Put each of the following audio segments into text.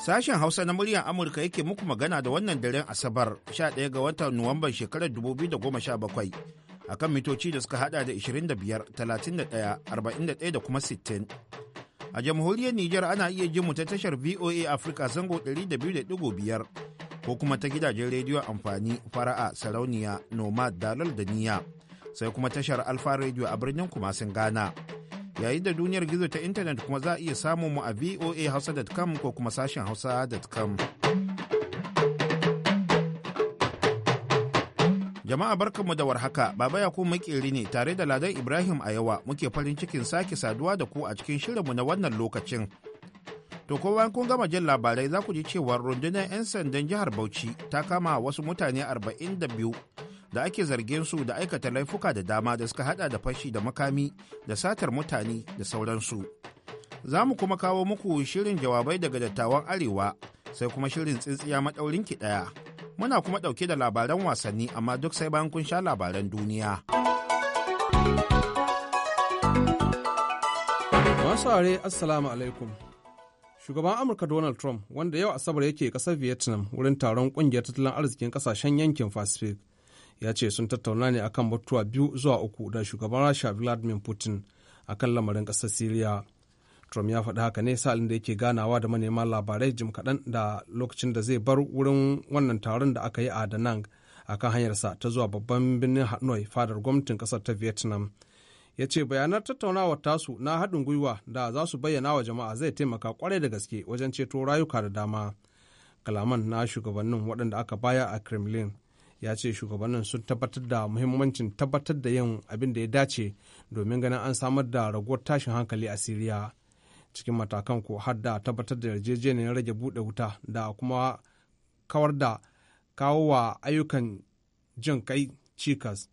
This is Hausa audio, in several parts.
Sashen Hausa na muryar Amurka yake muku magana da wannan daren Asabar 11 ga watan Nuwamban shekarar 2017 akan mitoci da suka hada da 25, 31, 41 da kuma 60. A jamhuriyar Nijar ana iya jin mu ta tashar VOA Africa zango 200.5 ko kuma ta gidajen rediyo amfani fara'a sarauniya nomad dalal da niya sai kuma tashar alfa rediyo a birnin kumasin Ghana. yayin da duniyar gizo ta intanet kuma za a iya samun mu a voa hausa.com ko kuma sashen hausa.com. Jama'a barkan mu da warhaka, Baba Yakubu Makeri ne tare da Ladan Ibrahim a yawa muke farin cikin sake saduwa da ku a cikin shirinmu na wannan lokacin. To ko bayan kun gama jin labarai za ku ji cewa rundunar 'yan sandan jihar Bauchi ta kama wasu mutane 42 da ake zargin su da aikata laifuka da dama da suka hada da fashi da makami da satar mutane da sauransu. Za mu kuma kawo muku shirin jawabai daga dattawan Arewa sai kuma shirin tsintsiya maɗaurin ki ɗaya. Muna kuma ɗauke da labaran wasanni amma duk sai bayan kun sha labaran duniya. Masu are Assalamu alaikum. Shugaban Amurka Donald Trump wanda yau Asabar yake ƙasar Vietnam wurin taron ƙungiyar tattalin arzikin ƙasashen yankin Pacific ya ce sun tattauna ne akan mutuwa biyu zuwa uku da shugaban rasha vladimir putin akan lamarin ƙasar syria trump ya faɗi haka ne sa'alin da yake ganawa da manema labarai jim kaɗan da lokacin da zai bar wurin wannan taron da aka yi a danang a kan hanyarsa ta zuwa babban birnin hanoi fadar gwamnatin ƙasar ta vietnam ya ce bayanan tattaunawa tasu na haɗin gwiwa da za su bayyana wa jama'a zai taimaka kwarai da gaske wajen ceto rayuka da dama kalaman na shugabannin waɗanda aka baya a kremlin ya ce shugabannin sun tabbatar da muhimmancin tabbatar da yin abin da ya dace domin ganin an samar da raguwar tashin hankali a siriya cikin matakan ko har da tabbatar da yarjejeniyar rage buɗe wuta da kuma kawar da kawo wa ayyukan jin kai cikas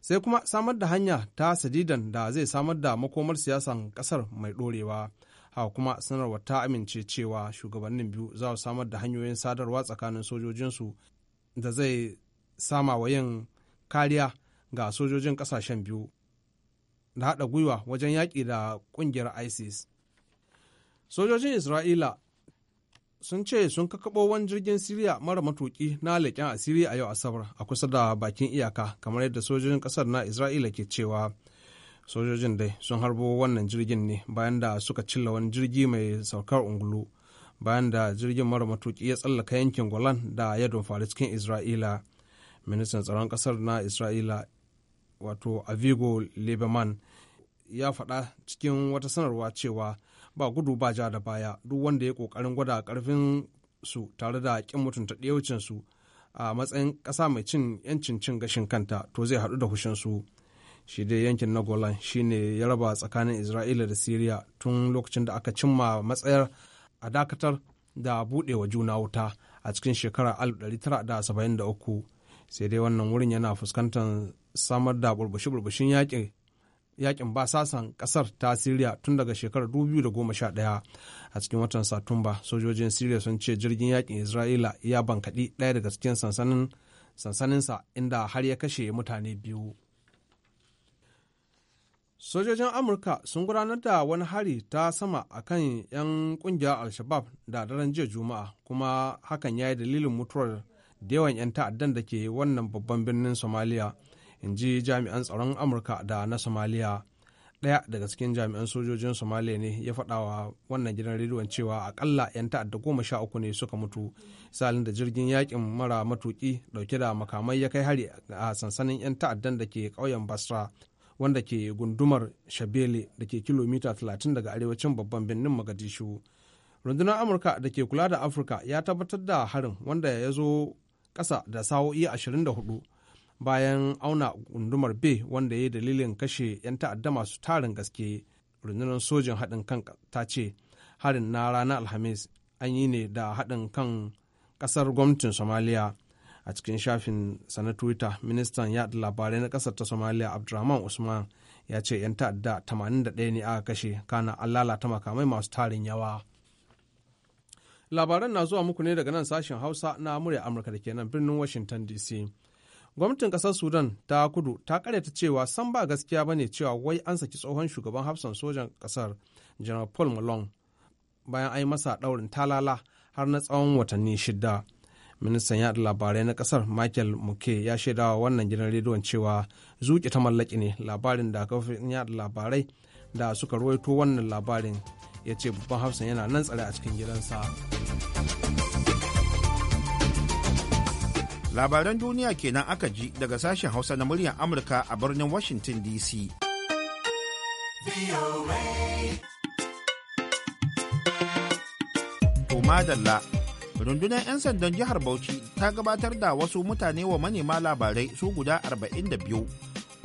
sai kuma samar da hanya ta sadidan da zai samar da makomar siyasan kasar mai dorewa haka kuma sanarwa ta amince cewa shugabannin biyu za su samar da hanyoyin sadarwa tsakanin sojojinsu da zai sama wa yin kariya ga sojojin kasashen biyu da haɗa gwiwa wajen yaƙi da ƙungiyar isis sojojin isra'ila sun ce sun kakaɓo wani jirgin siriya mara matuƙi na leƙen asiri a yau asabar a kusa da bakin iyaka kamar yadda sojojin ƙasar na isra'ila ke cewa sojojin dai sun harbo wannan jirgin ne bayan da suka cilla wani jirgi mai saukar ungulu bayan da jirgin mara matuƙi ya tsallaka yankin golan da ya dumfari cikin isra'ila ministan tsaron kasar na isra'ila wato avigo lieberman ya faɗa cikin wata sanarwa cewa ba gudu ba ja da baya duk wanda ya ƙoƙarin gwada karfin su tare da ƙin mutunta ɗiyaucin su a matsayin ƙasa mai cin yancin cin gashin kanta to zai haɗu da hushin su shi dai yankin na golan shine ya raba tsakanin isra'ila da siriya tun lokacin da aka cimma matsayar a dakatar da buɗewa juna wuta a cikin shekarar 1973 sai dai wannan wurin yana fuskantar samar da burbushi-burbushin yakin ba basasan kasar ta siriya tun daga shekarar 2011 a cikin watan satumba sojojin siriya sun ce jirgin yakin isra'ila ya bankaɗi ɗaya daga cikin sansaninsa inda har ya kashe mutane biyu sojojin amurka sun gudanar da wani hari ta sama a kan 'yan kungiyar al-shabab da daren jiya juma'a kuma hakan ya yi dalilin mutuwar da yawan 'yan ta'addan da ke wannan babban birnin somaliya in ji jami'an tsaron amurka da na somaliya ɗaya daga cikin jami'an sojojin somaliya ne ya faɗa wa wannan gidan rediyon cewa akalla 'yan ta'adda goma sha uku ne suka mutu salin da jirgin yakin mara matuki ɗauke da makamai ya kai hari a sansanin 'yan ta'addan da ke ƙauyen basra wanda ke gundumar shabele da ke kilomita 30 daga arewacin babban birnin magadishu rundunar amurka da ke kula da afirka ya tabbatar da harin wanda ya zo ƙasa da sa'o'i 24 bayan auna gundumar be wanda ya yi dalilin kashe 'yan ta'adda masu tarin gaske rundunar sojin haɗin kan ta ce harin na ranar alhamis an yi ne da haɗin kan ƙasar gwamnatin somaliya a cikin shafin sa twitter ministan yaɗa labarai na ƙasar ta somaliya Abdurrahman usman ya ce 'yan ta'adda 81 ne aka kashe kana an lalata makamai masu tarin yawa labaran na zuwa muku ne daga nan sashen hausa na murya amurka da kenan birnin washington dc gwamnatin kasar sudan ta kudu ta karyata cewa san ba gaskiya ba ne cewa wai an saki tsohon shugaban hafsan sojan kasar general paul malone bayan an yi masa daurin talala har na tsawon watanni shida ministan yaɗa labarai na kasar michael muke ya shaidawa wannan gidan rediyon cewa zuki ta mallaki ne labarin da kafin yaɗa labarai da suka ruwaito wannan labarin ya ce babban hafsan yana nan tsare a cikin gidansa labaran duniya kenan aka ji daga sashen hausa na muryar amurka a birnin washington dc madalla rundunar 'yan sandan jihar bauchi ta gabatar da wasu mutane wa manema labarai su guda 42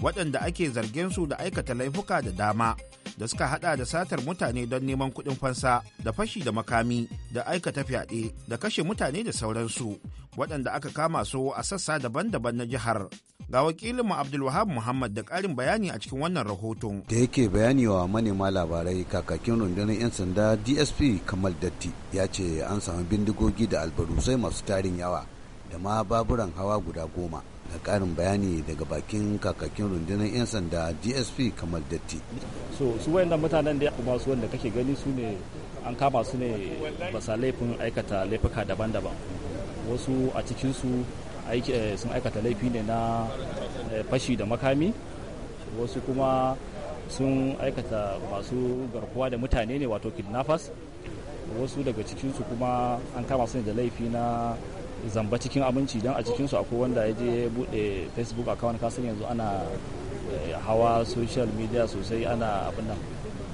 waɗanda ake zargin su da aikata laifuka da dama da suka hada da satar mutane don neman kuɗin fansa da fashi da makami da aikata fyaɗe da kashe mutane da sauransu waɗanda aka kama su a sassa daban-daban na jihar ga wakilinmu abdulwahab muhammad da ƙarin bayani a cikin wannan rahoton da yake bayani wa manema labarai kakakin rundunar 'yan sanda dsp kamal datti ya ce an samu bindigogi da albarusai masu tarin yawa da ma baburan hawa guda goma da karin bayani daga bakin kakakin rundunar 'yan sanda dsp kamar datti so su wayannan mutanen da kuma su wanda kake gani su ne an kama su ne basa laifin aikata laifuka daban-daban wasu a cikinsu eh, sun aikata laifi ne na eh, fashi da makami wasu kuma sun aikata masu garkuwa da mutane ne wato kidnappers wasu daga cikinsu kuma an kama su ne da laifi na zamba cikin abinci don a cikinsu akwai wanda ya je buɗe facebook account kasan yanzu ana eh, hawa social media sosai ana abin nan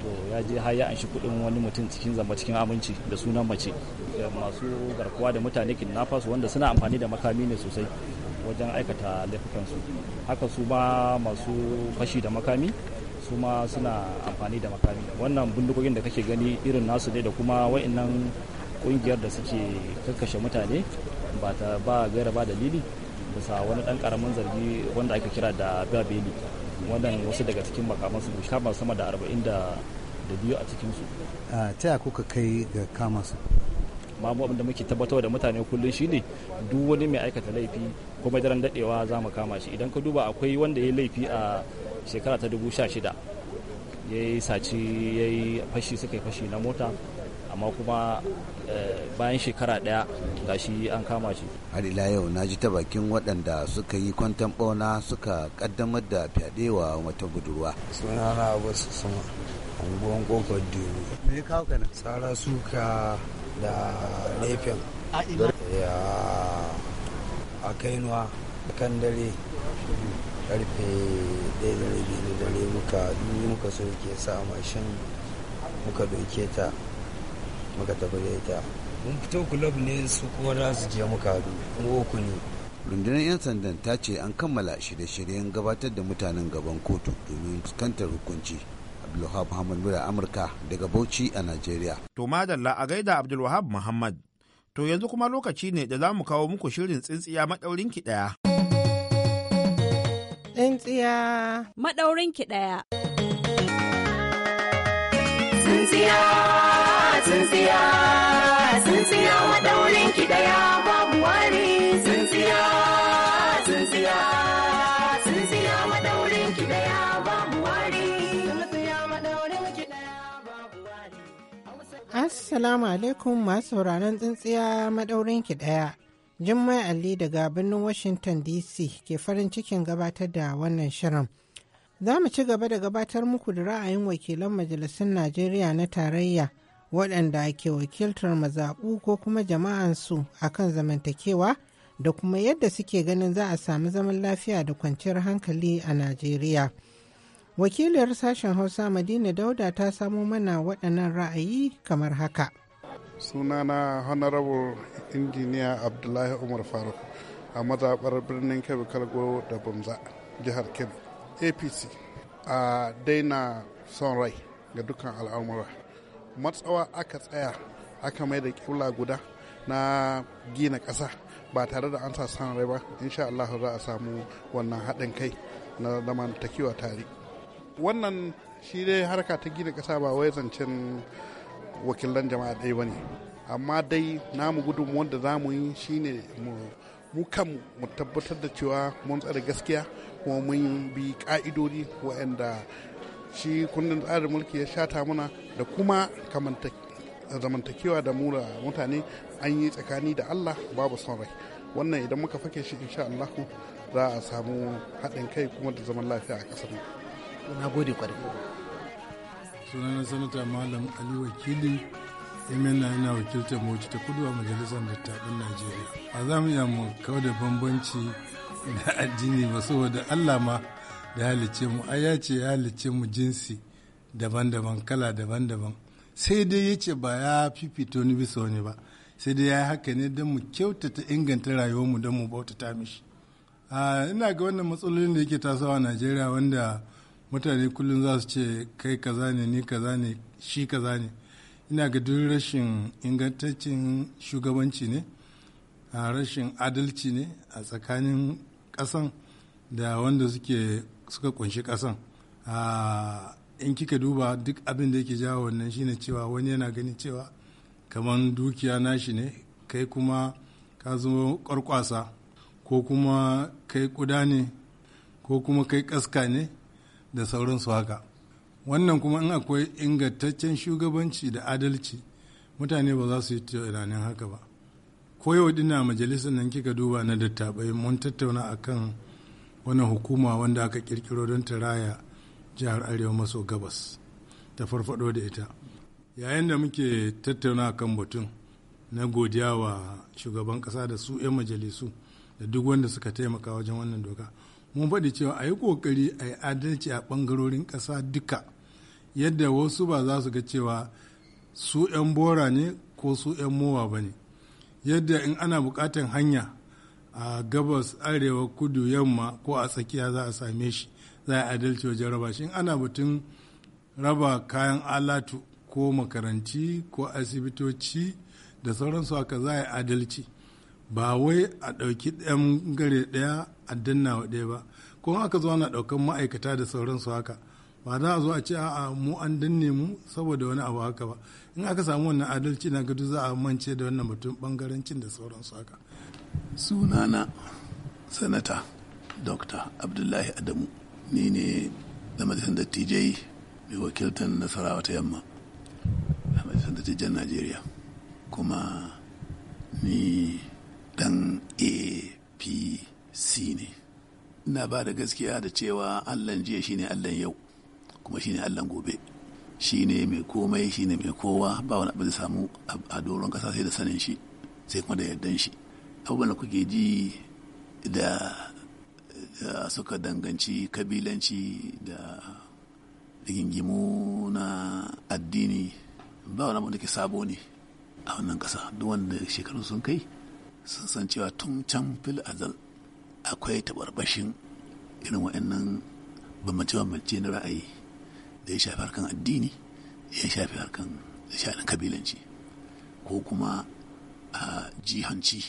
to ya je har ya anshi kuɗin wani mutum cikin zamba cikin abinci da sunan mace masu garkuwa da mutane kidnappers wanda suna amfani da makami ne sosai wajen aikata laifukansu haka su ma masu fashi da makami su ma suna amfani da makami wannan bindigogin da kake gani irin nasu ne da kuma wa'annan kungiyar da suke kakkashe mutane ba ta ba gaira ba dalili bisa wani dan karamin zargi wanda aka kira da babeli wannan wasu daga cikin makamansu kama sama da arba'in da biyu a cikinsu ta ya kuka kai ga kama su mamu abin da muke tabbatar da mutane kullum shine duk wani mai aikata laifi kuma daren dadewa za mu kama shi idan ka duba akwai wanda ya yi laifi a shekara ta dubu sha shida ya yi saci ya yi fashi suka yi fashi na mota amma kuma eh, bayan shekara ɗaya daya shi an kama shi har ila yau na ji ta bakin waɗanda suka yi kwantan bauna suka ƙaddamar da fyaɗe wa wata budurwa suna na wasu sama unguwan kofar duru me kawo kana tsara suka da laifin ya a kainuwa kan dare karfe ɗaya da rabi da dare muka muka soke sa mashin muka doke ta muka tafi da ita mun fito kulob ne su kuma za su je muka hadu mu ku ne rundunar 'yan sandan ta ce an kammala shirye-shiryen gabatar da mutanen gaban kotu domin kantar hukunci abdulwahab muhammad mura amurka daga bauchi a nigeria to madalla a gaida abdulwahab muhammad to yanzu kuma lokaci ne da za mu kawo muku shirin tsintsiya maɗaurin ki tsintsiya maɗaurin ki ɗaya tsintsiya tsintsiya tsintsiya madaurin ki daya babu wari. tsintsiya tsintsiya tsintsiya madaurin ki daya babu wari. tsintsiya madaurin ki babu wani Assalamu alaikum masu sauraron tsintsiya madaurin ki daya Jummai Ali daga birnin Washington DC ke farin cikin gabatar da wannan shirin. Za mu ci gaba da gabatar muku da ra'ayin wakilan majalisun Najeriya na tarayya waɗanda ke wakiltar mazaɓu ko kuma jama'ansu a kan zamantakewa da kuma yadda suke ganin za a samu zaman lafiya da kwanciyar hankali a Najeriya. Wakiliyar sashen Hausa Madina Dauda ta samo mana waɗannan ra'ayi kamar haka. Sunana Honorable Injiniya Abdullahi Umar Faruk a mazaɓar birnin Kebbi Kalgo da Bamza, jihar Kebbi. apc a daina son rai ga dukkan al'amura matsawa aka tsaya aka mai da kula guda na gina ƙasa ba tare da an sa son rai ba insha Allah za a samu wannan haɗin kai na zamantakewa tare wannan shi dai harka ta gina ƙasa ba wai zancen wakilan jama'a ɗaya ba ne amma dai namu gudun wanda za mu yi shine mu kanmu mu tabbatar da cewa mun tsare gaskiya kuma mun bi ka'idodi waɗanda shi kundin tsarin mulki ya shata muna da kuma zamantakewa da mura mutane an yi tsakani da allah babu son rai wannan idan muka fake shi insha allahu za a samu haɗin kai kuma da zaman lafiya a ƙasar na gode sunana sanata malam ali wakili imena yana wakiltar mota ta kudu a majalisar dattaɓin najeriya a za mu iya mu kawo da bambanci na addini ba saboda Allah ma da halicce mu ai ya ce ya halicce mu jinsi daban-daban kala daban-daban sai dai ya ce ba ya fifito ni bisa wani ba sai dai ya yi haka ne don mu kyautata inganta rayuwarmu don mu bautata mishi ina ga wannan matsalolin da yake tasowa a najeriya wanda mutane kullum za su ce kai kaza ne ni kaza ne shi kaza ne ina ga duk rashin ingantaccen shugabanci ne rashin adalci ne a tsakanin kasan da wanda suke suka kunshi kasan in kika duba duk abin da yake jawo wannan shine cewa wani yana ganin cewa kamar dukiya nashi ne kai kuma ka zo kwarkwasa ko kuma kai kuda ne ko kuma kai kaska ne da sauransu haka wannan kuma in akwai ingantaccen shugabanci da adalci mutane ba za su yi tunanin haka ba koyo dina majalisar nan kika duba na dattabai mun tattauna akan wani hukuma wanda aka kirkiro don ta raya jihar arewa maso gabas ta farfado da ita yayin da muke tattauna kan batun na godiya wa shugaban kasa da su 'yan majalisu da duk wanda suka taimaka wajen wannan doka mun faɗi cewa a yi ƙoƙari a yi adalci a ɓangarorin ƙasa duka yadda wasu ba za su ga cewa su 'yan bora ne ko su 'yan mowa ba ne yadda in ana bukatan hanya a gabas arewa kudu yamma ko a tsakiya za a same shi za a adalci wajen raba shi in ana batun raba kayan alatu ko makaranti ko asibitoci da sauransu haka za a adalci ba wai a ɗauki ɗan gare ɗaya a danna wa ɗaya ba kuma aka zo ana ɗaukan ma'aikata da sauransu haka ba za a zo a ce a mu an danne mu saboda wani abu haka ba in aka samu wannan adalci na gado za a mance da wannan batun bangarancin da sauransu haka sunana sanata dr abdullahi adamu ni ne da majalisar dattijai mai wakiltar nasarawa ta yamma a majalisar dattijan najeriya kuma ni dan apc ne na ba da gaskiya da cewa allan jiya shine allan yau kuma shine Allah gobe shine mai komai shine mai kowa ba wani abu da samu a doron kasa sai da sanin shi sai kuma da yardan shi abubuwan da kuke ji da suka danganci kabilanci da rigingimu na addini ba wani abu da ke sabo ne a wannan kasa duk wanda shekaru sun kai sun san cewa tun can fil azal akwai tabarbashin irin wa'annan bambance-bambance na ra'ayi da ya shafi harkan addini ya shafi harkan sha'anin kabilanci ko kuma a jihanci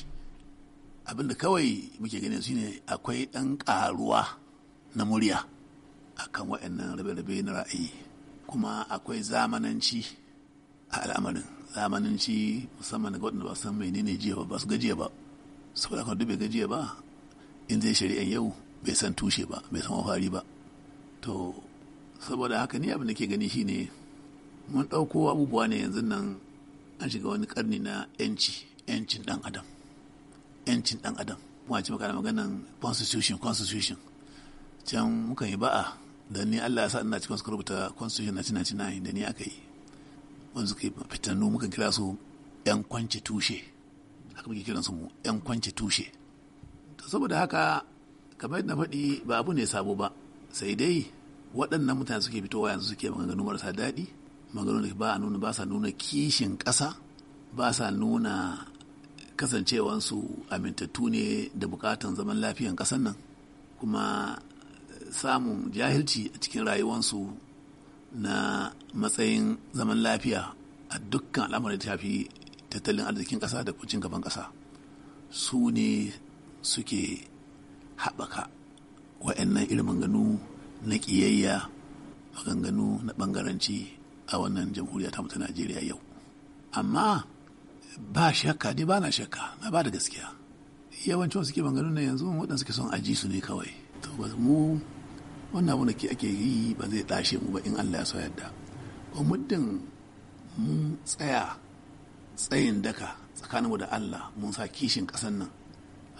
abinda kawai muke ganin su ne akwai ɗan ƙaruwa na murya a akan waɗannan rabe-rabe na ra'ayi kuma akwai zamananci a al'amarin zamananci musamman ga waɗanda ba san menene jiya ba ba su gajiya ba saboda kan dubbe gajiya ba in zai shari'an yau bai san tushe ba bai san wafari ba to saboda haka ni abin da ke gani shine mun ɗauko abubuwa ne yanzu nan an shiga wani karni na yanci yancin ɗan adam yancin dan adam kuma ci maka maganan constitution constitution can muka yi ba'a da ni Allah ya sa ina cikin suka rubuta constitution cina da ni aka yi wanda suka yi fitannu muka kira su yan kwance tushe haka muke kiransu mu yan kwance tushe saboda haka kamar na faɗi ba abu ne sabo ba sai dai waɗannan mutane suke fitowa yanzu suke maganganu marasa daɗi maganganu da ba a nuna ba sa nuna kishin ƙasa ba sa nuna kasancewansu amintattu ne da buƙatan zaman lafiyan ƙasan nan kuma eh, samun jahilci a cikin rayuwansu na matsayin zaman lafiya a dukkan al'amarin da shafi tattalin arzikin ƙasa da kucin gaban ƙasa su ne suke haɓaka wa'annan irin ganu na ƙiyayya maganganu na bangaranci a wannan jamhuriya ta mutu najeriya yau amma ba shakka dai ba na shakka na ba da gaskiya yawancin suke maganganu na yanzu waɗanda suke son aji su ne kawai to ba mu wannan abu da ake yi ba zai tashe mu ba in allah ya so yadda ba muddin mun tsaya tsayin daka tsakaninmu da allah mun sa kishin ƙasan nan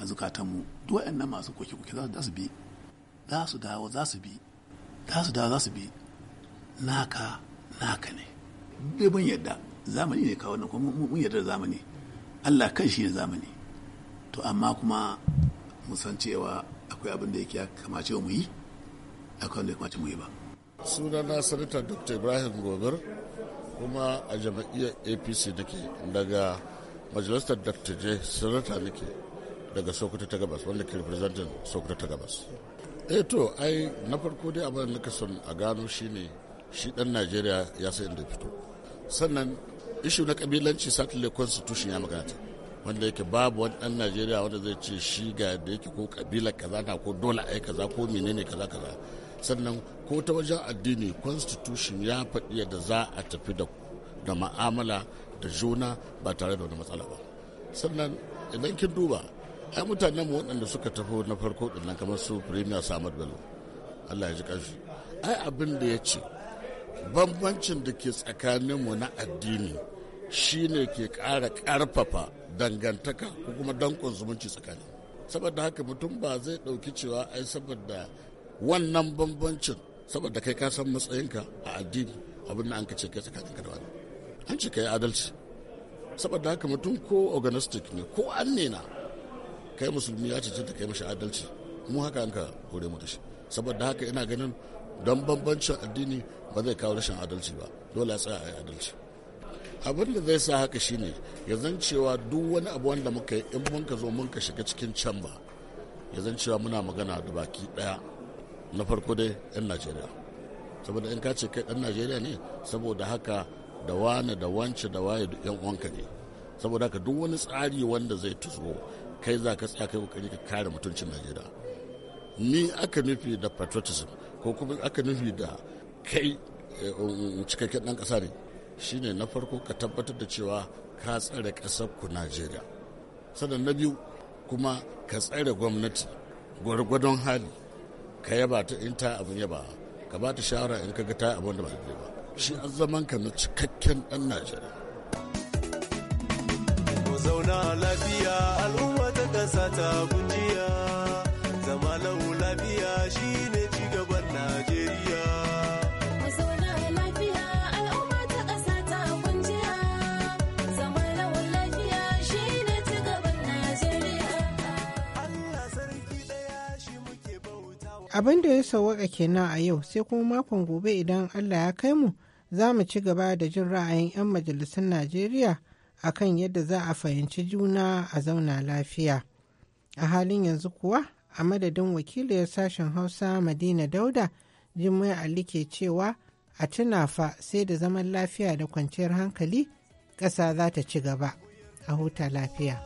a zukatanmu duk waɗannan masu koke-koke za su bi za su dawo za su bi za su dawo za su bi naka naka ne bai mun yadda zamani ne kawo nan kuma mun yadda zamani Allah kan shi ne zamani to amma kuma mu san cewa akwai abin da yake ya kamace mu yi akwai wanda ya kamace mu yi ba sunana sanata dr ibrahim gobir kuma a jam'iyyar apc nake daga majalisar dattijai sanata nake daga sokoto ta gabas wanda ke representin sokoto ta gabas eh to ai na farko dai abin da son a gano shine shi dan najeriya ya san inda fito sannan ishu na kabilanci satellite constitution ya magana ta wanda yake babu wani dan najeriya wanda zai ce shi ga da yake ko kabila kaza na ko dole ai kaza ko menene kaza kaza sannan ko ta wajen addini constitution ya faɗi yadda za a tafi da da ma'amala da juna ba tare da wani matsala ba sannan idan kin duba ai mutanen mu waɗanda suka tafi na farko nan kamar su premier samad bello allah ya ji ƙarfi ai abin da ya ce bambancin da ke tsakaninmu na addini shine ke ƙara ƙarfafa dangantaka ko kuma dankon zumunci tsakani saboda haka mutum ba zai ɗauki cewa ai saboda wannan bambancin saboda kai ka san matsayinka a addini abin da an ka ce kai tsakaninka da wani an ce kai adalci saboda haka mutum ko organistic ne ko an ne kai musulmi ya cancanta kai mashi adalci mu haka an ka hore mu da shi saboda haka ina ganin don bambancin addini ba zai kawo rashin adalci ba dole a tsaya a yi adalci abin da zai sa haka shine ya zan cewa duk wani abu wanda muka yi in mun ka zo mun ka shiga cikin can ba ya zan cewa muna magana da baki daya na farko dai yan najeriya saboda in ka ce kai dan najeriya ne saboda haka da wane da wance da waye duk yan uwanka ne saboda haka duk wani tsari wanda zai tuso kai za ka tsaya kai kokari ka kare mutuncin najeriya ni aka nufi da patriotism ko kuma aka nufi da kai eh, cikakken dan kasa ne shine na farko ka tabbatar da cewa ka tsare kasar ku najeriya sannan na biyu kuma ka tsare gwamnati gwargwadon hali ka yaba ta in ta abin yaba ka ba ta shawara in ka ga ta abin da ba ba shi an zaman ka na cikakken dan najeriya zauna lafiya ƙasa ta kunjiya zama lau lafiya shine cigaban najeriya Abin da ya sauwaka kenan a yau sai kuma makon gobe idan Allah ya kai mu za mu ci gaba da jin ra'ayin 'yan majalisun Najeriya akan yadda za a fahimci juna a zauna lafiya a halin yanzu kuwa a madadin wakiliyar sashen hausa madina dauda jimmai ali ke cewa a tuna fa sai da zaman lafiya da kwanciyar hankali ƙasa za ta ci gaba a huta lafiya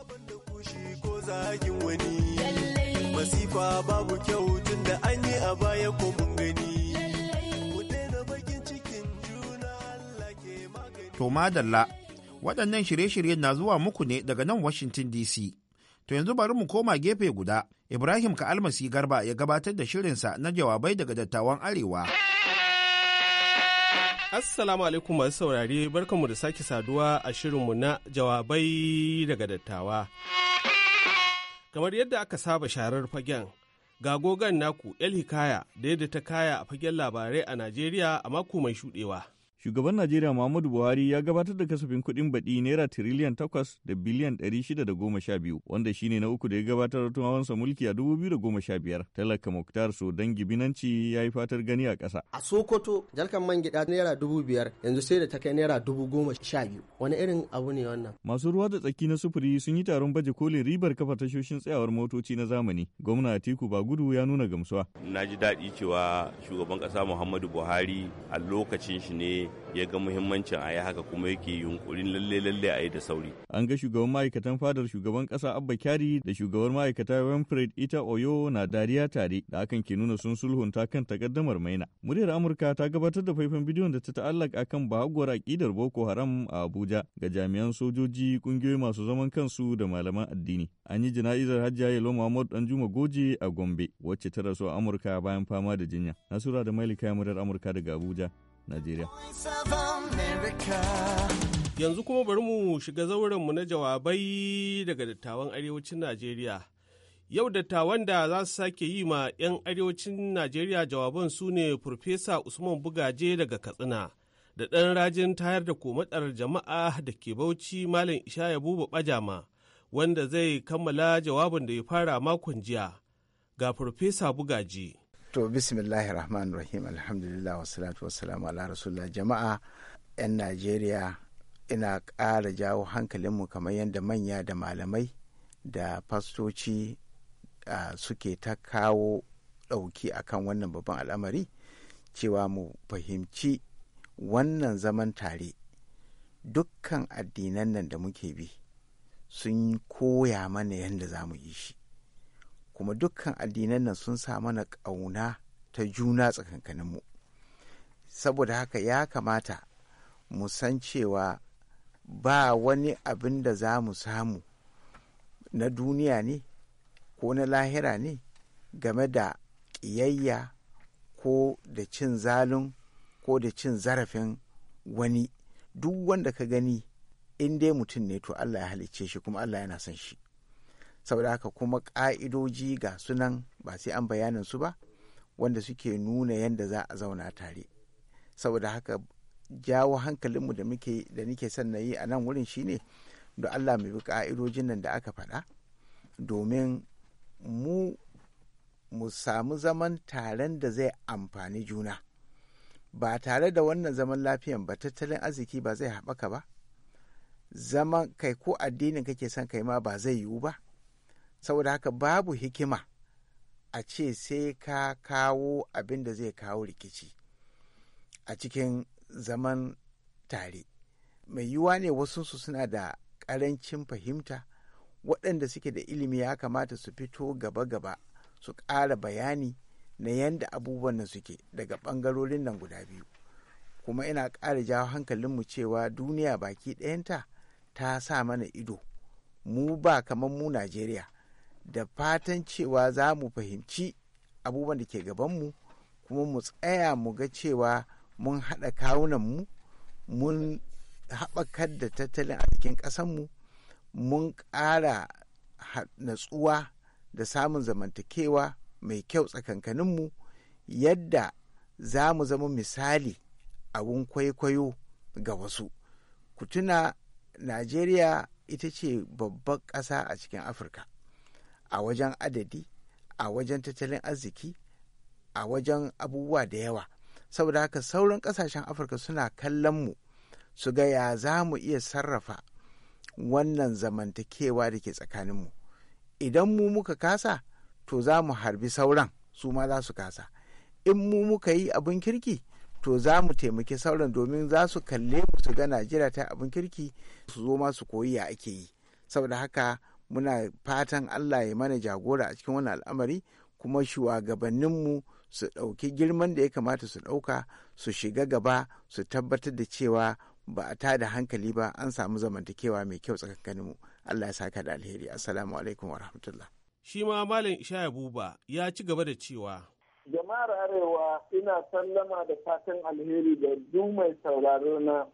masifa babu kyau tun da an yi a baya ko mun gani to madalla Waɗannan shirye-shiryen na zuwa muku ne daga nan Washington DC. To yanzu bari mu koma gefe guda, Ibrahim ka almasi garba ya gabatar da shirinsa na jawabai daga dattawan Arewa. Assalamu alaikum masu saurare barkanmu da sake saduwa a shirinmu na jawabai daga dattawa. Kamar yadda aka saba sharar fagen, ga gogan naku El Hikaya da yadda ta kaya a fagen labarai a Najeriya a mako mai shuɗewa. shugaban Najeriya Muhammadu Buhari ya gabatar da kasafin kuɗin baɗi naira tiriliyan takwas da biliyan ɗari shida da goma sha biyu wanda shine na uku da ya gabatar da hawansa mulki a dubu biyu da goma sha biyar. Talaka Muktar so dangi binanci ya yi fatar gani a ƙasa. A Sokoto jalkan man gida naira dubu biyar yanzu sai da ta kai naira dubu goma sha biyu wani irin abu ne wannan. Masu ruwa da tsaki na sufuri sun yi taron baje kolin ribar kafa tashoshin tsayawar motoci na zamani. Gwamna Atiku Bagudu ya nuna gamsuwa. Na ji daɗi cewa shugaban ƙasa Muhammadu Buhari a lokacin shi ne ya ga muhimmancin a yi haka kuma yake yunkurin lalle lalle a yi da sauri. An ga shugaban ma'aikatan fadar shugaban kasa Abba Kyari da shugaban ma'aikata Wenfred Ita Oyo na dariya tare da hakan ke nuna sun sulhunta kan takaddamar maina. Muryar Amurka ta gabatar da faifan bidiyon da ta ta'allaka kan bahaguwar aƙidar Boko Haram a Abuja ga jami'an sojoji, ƙungiyoyi masu zaman kansu da malaman addini. An yi jana'izar Hajiya yalo Muhammad Danjuma Goje a Gombe wacce ta rasu a Amurka bayan fama da jinya. Nasura da Malika Muryar Amurka daga Abuja. Najeriya. Yanzu kuma bari mu shiga zaurenmu na jawabai daga dattawan arewacin Najeriya. Yau dattawan da za su sake yi ma 'yan arewacin Najeriya jawaban su ne Farfesa Usman Bugaje daga Katsina, da ɗan rajin tayar da komatsar jama'a da ke bauchi Malam ya Buba Bajama, wanda zai kammala jawabin da ya fara makon jiya. Ga Farfesa Bugaje. to bismillahir rahmanir rahim alhamdulillah wassalatu wassalamu ala rasulullah jama'a 'yan najeriya ina ƙara jawo hankalinmu kamar yadda manya da malamai da fastoci suke ta kawo ɗauki akan wannan babban al'amari cewa mu fahimci wannan zaman tare dukkan addinan nan da muke bi sun koya mana yadda za mu yi shi kuma dukkan addinan nan sun sa mana ƙauna ta juna tsakankaninmu saboda haka ya kamata mu san cewa ba wani abin da za mu samu na duniya ne ko na lahira ne game da ƙiyayya ko da cin zalun ko da cin zarafin wani duk wanda ka gani in dai mutum ne to Allah ya halicce shi kuma Allah yana son shi saboda haka kuma ƙa'idoji ga sunan ba sai an bayanin su ba wanda suke nuna yadda za a zauna tare saboda haka jawo hankalinmu da muke da nike son na yi a nan wurin shine da Allah mai bi ka'idojin nan da aka faɗa domin mu mu samu zaman taren da zai amfani juna ba tare da wannan zaman lafiyan ba tattalin arziki ba zai haɓaka ba zaman kai ko addinin kake son kai ma ba zai yiwu ba saboda haka babu hikima a ce sai ka kawo abin da zai kawo rikici a cikin zaman tare mai yiwuwa ne su suna da ƙarancin fahimta waɗanda suke da ilimi ya kamata su fito gaba-gaba su ƙara bayani na yadda abubuwan nan suke daga ɓangarorin nan guda biyu kuma ina ƙara jawo hankalinmu cewa duniya baki ɗayanta ta sa mana ido mu ba kamar mu najeriya da fatan cewa za mu fahimci abubuwan da ke gabanmu kuma mu tsaya mu ga cewa mun haɗa kawunanmu mun haɓakar da tattalin a ƙasan ƙasanmu mun ƙara natsuwa da samun zamantakewa mai kyau tsakankaninmu yadda za mu zama misali abun kwaikwayo ga wasu kutuna tuna najeriya ita ce babban ƙasa a cikin afirka a wajen adadi a wajen tattalin arziki a wajen abubuwa da yawa saboda haka sauran kasashen afirka suna kallon mu su ga ya za mu iya sarrafa wannan zamantakewa da ke tsakaninmu idan mu muka kasa to za mu harbi sauran su ma za su kasa in mu muka yi abin kirki to za mu taimaki sauran domin za su kalle mu su ga najeriya ta abin kirki su zo ma su koyi ya ake yi saboda haka muna fatan allah ya mana jagora a cikin wani al'amari kuma shugabanninmu su ɗauki girman da ya kamata su ɗauka su shiga gaba su tabbatar da cewa ba a tada hankali ba an samu zamantakewa mai kyau tsakankaninmu allah ya saka da alheri assalamu alaikum warahmatullah shi ma malam ishaya buba ya ci gaba da cewa jama'ar arewa ina sallama da fatan alheri da duk mai sauraro na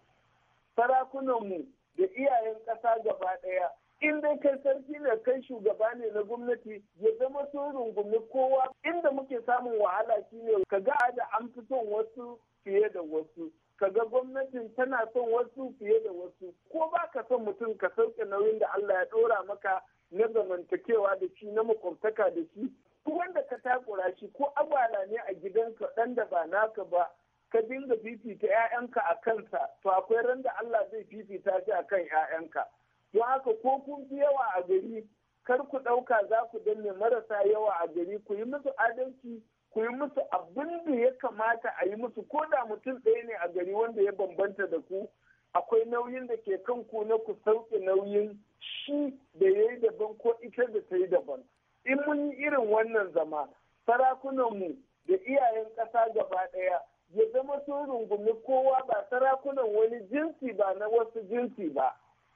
sarakunanmu da iyayen ƙasa gaba ɗaya in dai kai sarki ne kai shugaba ne na gwamnati ya zama sun rungumi kowa inda muke samun wahala shine ka ga da an fi son wasu fiye da wasu Ka ga gwamnatin tana son wasu fiye da wasu ko ba ka son mutum ka sauke nauyin da Allah ya ɗora maka na zamantakewa da shi na makwabtaka da shi ko wanda ka takura shi ko agwala ne a gidanka ɗan da ba naka ba ka dinga fifita 'ya'yanka a kansa to akwai randa Allah zai fifita shi a kan 'ya'yanka don haka ko kun fi yawa a gari kar ku ɗauka za ku danne marasa yawa a gari ku yi musu adalci ku yi musu abin da ya kamata a yi musu ko da mutum ɗaya ne a gari wanda ya bambanta da ku akwai nauyin da ke kan ku na ku sauke nauyin shi da ya yi daban ko ita da ta yi daban in mun yi irin wannan zama sarakunanmu da iyayen ƙasa gaba ɗaya ya zama sun rungumi kowa ba sarakunan wani jinsi ba na wasu jinsi ba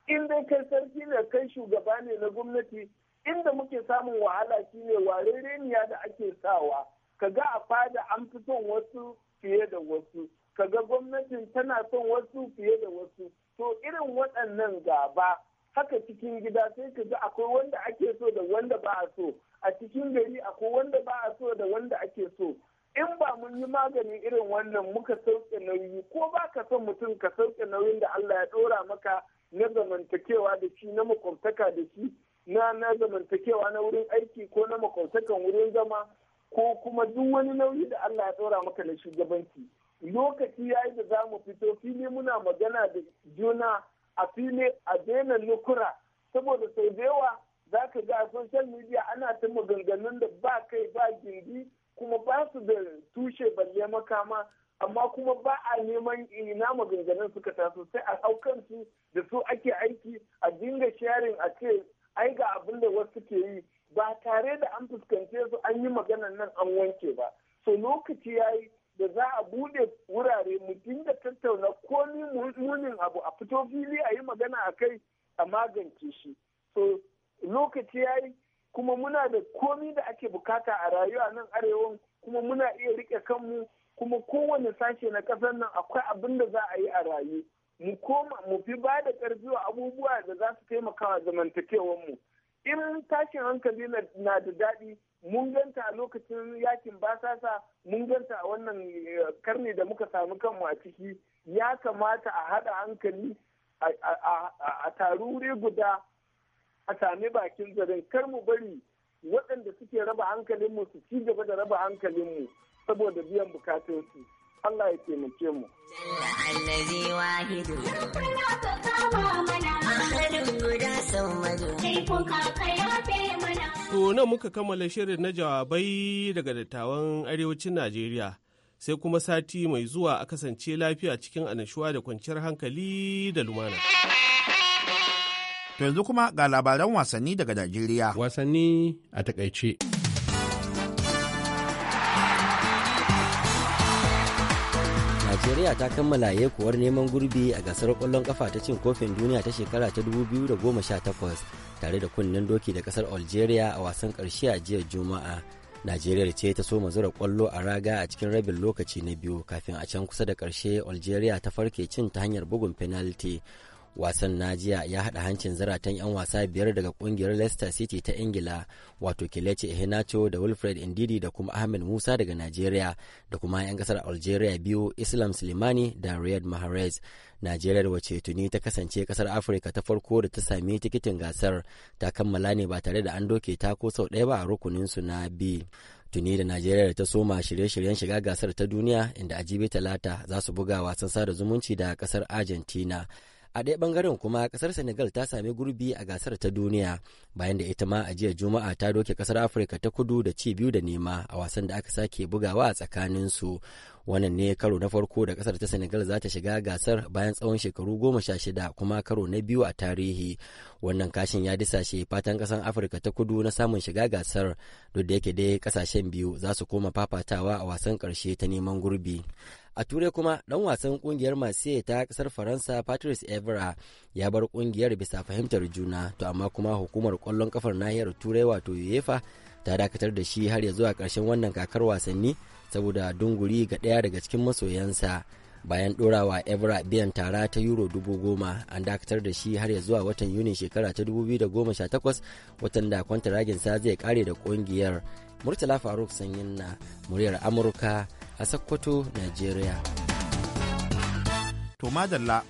in dai kai sarki ne kai shugaba ne na gwamnati inda muke samun wahala shine warereniya da ake sawa kaga a fada an fi son wasu fiye da wasu kaga gwamnatin tana son wasu fiye da wasu to irin waɗannan gaba haka cikin gida sai kaga akwai wanda ake so da wanda ba a so a cikin gari akwai wanda ba a so da wanda ake so in ba mun yi maganin irin wannan muka sauke nauyi ko ba ka son mutum ka sauke nauyin da Allah ya ɗora maka na zamantakewa da shi na makwabtaka da shi na na zamantakewa na wurin aiki ko na makwabtakan wurin zama ko kuma duk wani nauyi da Allah ya tsora maka na shugabanci lokaci ya yi da za mu fito fili muna magana da juna a fili a daina lukura saboda sau da yawa za ka ga a social media ana ta maganganun da ba kai ba gindi kuma ba su da tushe balle makama amma kuma ba a neman ina maganganun suka taso sai a haukan su da su ake aiki a dinga sharing a ce ai ga abin da wasu ke yi ba tare da an fuskance su an yi maganan nan an wanke ba so lokaci ya yi da za a bude wurare mu dinga tattauna komi munin abu a fito fili a yi magana a kai a magance shi so lokaci ya yi kuma muna da komi da ake bukata a rayuwa nan arewan kuma muna iya rike kanmu kuma kowane sashe na ƙasar nan akwai abin da za a yi a rayu mu koma mu fi ba da ƙarfi wa abubuwa da za su taimaka wa zamantakewar mu in tashin hankali na da daɗi mun ganta a lokacin yakin basasa mun ganta a wannan eh, karni da muka samu kanmu a ciki ya kamata a haɗa hankali a taru guda a sami bakin zarin kar mu bari waɗanda suke raba hankalinmu su ci gaba da raba hankalinmu saboda biyan bukatunsu Allah ya taimake mu. To nan muka kammala shirin na jawabai daga dattawan arewacin Najeriya. Sai kuma sati mai zuwa a kasance lafiya cikin anashuwa da kwanciyar hankali da lumana. To yanzu kuma ga labaran wasanni daga Najeriya. Wasanni a takaice. najeriya ta kammala yekuwar neman gurbi a gasar kwallon kafa ta cin kofin duniya ta shekara ta 2018 tare da kunnen doki da kasar algeria a wasan karshe a jiya juma'a najeriya ce ta so zura kwallo a raga a cikin rabin lokaci na biyu kafin a can kusa da karshe algeria ta farke cin ta hanyar bugun penalty wasan na ya haɗa hancin zaratan 'yan wasa biyar daga ƙungiyar leicester city ta ingila wato kelechi iheanacho da wilfred indidi da kuma ahmed musa daga nigeria da kuma 'yan kasar algeria biyu islam slimani da riyad mahrez Najeriya da wace tuni ta kasance kasar Afirka ta farko da ta sami tikitin gasar ta kammala ne ba tare da an doke ta ko sau ɗaya ba a rukunin su na bi Tuni da Najeriya da ta soma shirye-shiryen shiga gasar ta duniya inda a jibi talata za su buga wasan sada zumunci da kasar Argentina. a ɗaya ɓangaren kuma ƙasar senegal ta sami gurbi a gasar ta duniya bayan da ita ma a jiya juma'a ta doke ƙasar afirka ta kudu da ci biyu da nema a wasan da aka sake bugawa a tsakaninsu wannan ne karo na farko da ƙasar ta senegal za ta shiga gasar bayan tsawon shekaru goma sha shida kuma karo na biyu a tarihi wannan kashin ya disashe fatan ƙasar afirka ta kudu na samun shiga gasar duk da yake dai ƙasashen biyu za su koma fafatawa a wasan ƙarshe ta neman gurbi a turai kuma dan wasan kungiyar marseille ta kasar faransa patrice evra ya bar kungiyar bisa fahimtar juna to amma kuma hukumar kwallon kafar nahiyar turai wato uefa ta dakatar da shi har ya zuwa karshen wannan kakar wasanni saboda dunguri ga daya daga cikin masoyansa bayan dorawa evra biyan tara ta euro dubu goma an dakatar da shi har ya zuwa watan yuni shekara ta da sha takwas watan da sa zai kare da kungiyar murtala faruk sanyin na muryar amurka a Sokoto, Najeriya. To madalla,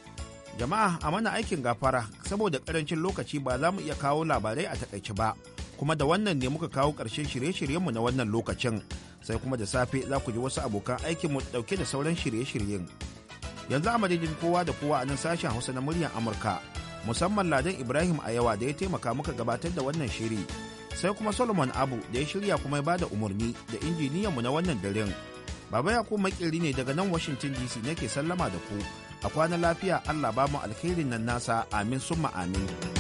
jama'a a mana aikin gafara saboda karancin lokaci ba za mu iya kawo labarai a takaice ba. Kuma da wannan ne muka kawo ƙarshen shirye-shiryenmu na wannan lokacin, sai kuma da safe za ku ji wasu abokan aikinmu ɗauke da sauran shirye-shiryen. Yanzu a madadin kowa da kowa a nan sashen Hausa na muryar Amurka, musamman Ladan Ibrahim a yawa da ya taimaka muka gabatar da wannan shiri. sai kuma solomon abu da ya shirya kuma ya ba da umarni da injiniyanmu na wannan daren Baba ya ku makiri ne daga nan Washington DC nake sallama da ku. A kwana lafiya Allah ba mu alkhairin nan nasa amin summa amin.